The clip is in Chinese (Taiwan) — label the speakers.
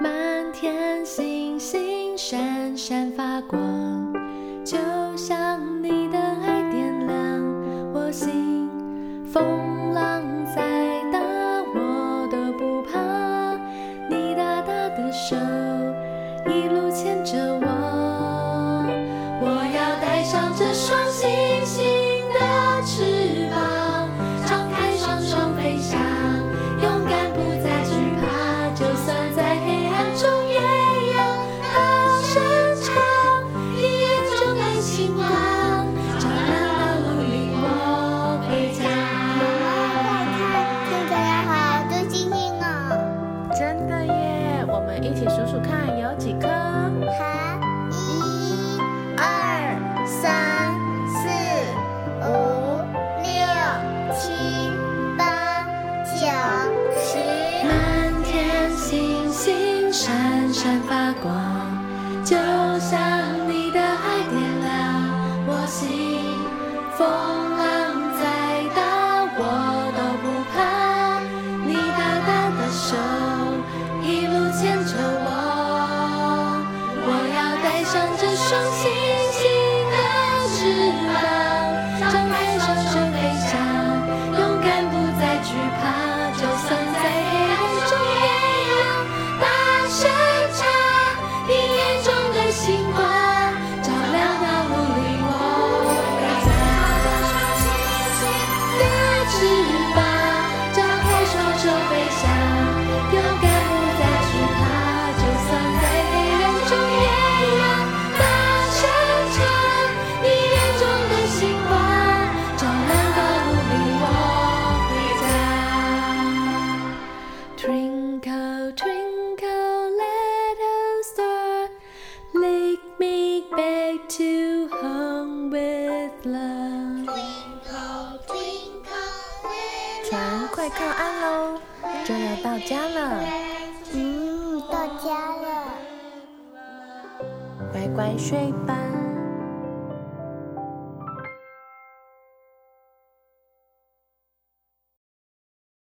Speaker 1: 滿天星星閃閃發光，就像你的愛點亮我心。風浪再大，我都不怕，你大大的手，一路牽着我。數數看有幾顆，好、啊、一二三四五六七八九十，滿天星星閃閃發光，就像你的愛點亮我心，風浪傷心。快靠岸嘍，就要到家了。嗯，到家了，乖乖睡吧。